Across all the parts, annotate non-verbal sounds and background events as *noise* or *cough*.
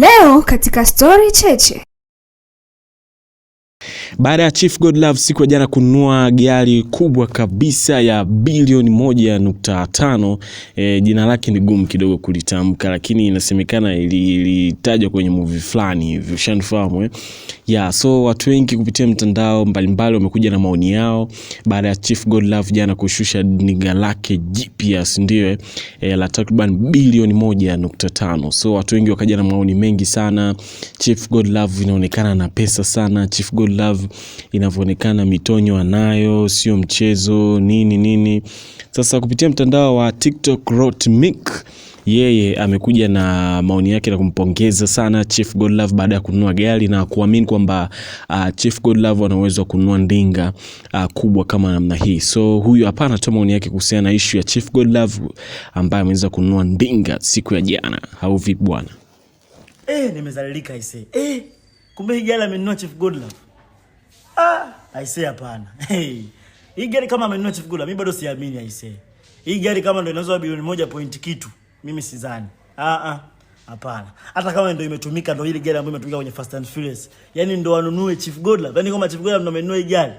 Leo katika Stori Cheche baada ya Chief Godlove siku ya jana kununua gari kubwa kabisa ya bilioni moja nukta tano. E, jina lake ni gumu kidogo kulitamka, lakini inasemekana ilitajwa kwenye movie fulani hivi, ushanifahamu eh? Yeah, so watu wengi kupitia mtandao mbalimbali wamekuja na maoni yao baada ya Chief Godlove jana kushusha niga lake jipya, ndio eh, e, la takriban bilioni moja nukta tano. So watu wengi wakaja na maoni mengi sana. Chief Godlove inaonekana na pesa sana. Chief Godlove love inavyoonekana, mitonyo anayo, sio mchezo nini nini. Sasa kupitia mtandao wa TikTok Rotmic yeye amekuja na maoni yake na kumpongeza sana Chief Godlove baada ya kununua gari na kuamini kwamba uh, Chief Godlove ana uwezo wa kununua ndinga uh, kubwa kama namna hii. So huyu hapa anatoa maoni yake kuhusiana na issue ya Chief Godlove ambaye ameweza kununua ndinga siku ya jana. Au vipi bwana? Eh, nimezalilika ise. Eh, kumbe hii gari amenunua Chief Godlove. Aisee, hapana. *laughs* Hey. Hii gari kama amenunua Chief Gula, mimi bado siamini aisee. Hii gari kama ndio inauzwa bilioni moja point kitu, mimi sidhani. Ah ah. Hapana. Hata kama ndio imetumika ndio ile gari ambayo imetumika kwenye Fast and Furious. Yaani ndio wanunue Chief Gula. Yaani kama Chief Gula ndio amenunua hii gari.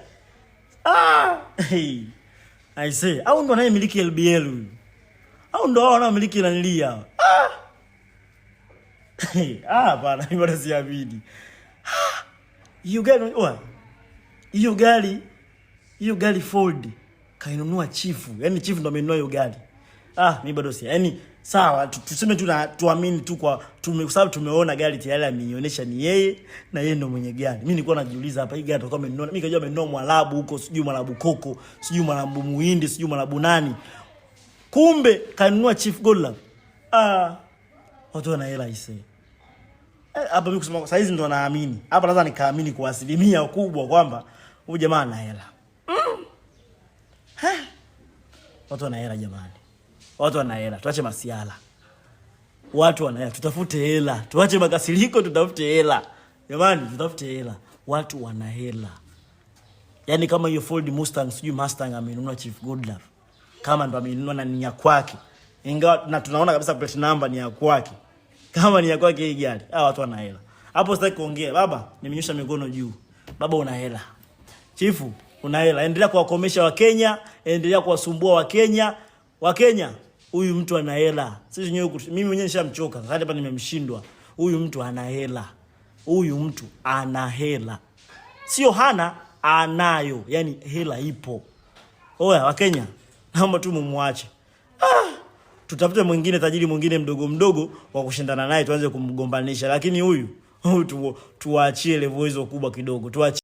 Ah! Hey. I Aisee, au ndio naye miliki LBL huyu? Au ndio wao wanaomiliki nanili hao? Ah! Hey. Ah, bana, mimi bado siamini. Ah! You get what? hiyo gari hiyo gari Ford kainunua chifu, yaani chifu ndo amenunua hiyo gari. Ah, mimi bado si yaani sawa, tuseme tu tuamini tu kwa tume, sababu tumeona gari tayari ameionyesha ni yeye na yeye ndo mwenye gari. Mimi nilikuwa najiuliza hapa, hii gari atakuwa amenunua, mimi kajua amenunua Mwarabu huko, sijui Mwarabu koko, sijui Mwarabu muhindi, sijui Mwarabu nani, kumbe kainunua chifu gola. Ah, watu wana hela isee eh, hapa. Mimi kusema saizi ndo naamini hapa, naweza nikaamini kwa asilimia kubwa kwamba huyu jamaa ana hela mm. Watu wana hela jamani, watu wana hela, tuache masiala. Watu wana hela, tutafute hela, tuache makasiriko, tutafute hela jamani, tutafute hela. Watu wana hela, yaani kama hiyo Ford Mustang, sijui Mustang amenunua Chief Godlove, kama ndo amenunua na ni ya kwake, ingawa na tunaona kabisa plate number ni ya kwake, kama ni ya kwake hii gari. Ah, watu wana hela hapo. Sitaki kuongea baba, nimenyosha mikono juu. Baba una hela. Chifu, una hela, endelea kuwakomesha Wakenya, endelea kuwasumbua Wakenya. Wakenya, huyu mtu ana hela. Sisi wenyewe, mimi mwenyewe nishamchoka hadi hapa, nimemshindwa. Huyu mtu ana hela, huyu mtu ana hela, sio hana, anayo. Yani hela ipo. Oya Wakenya, naomba tu mumwache. Ah, tutafute mwingine tajiri mwingine mdogo mdogo wa kushindana naye, tuanze kumgombanisha, lakini huyu huyu tuwaachie levo hizo kubwa kidogo, tuachie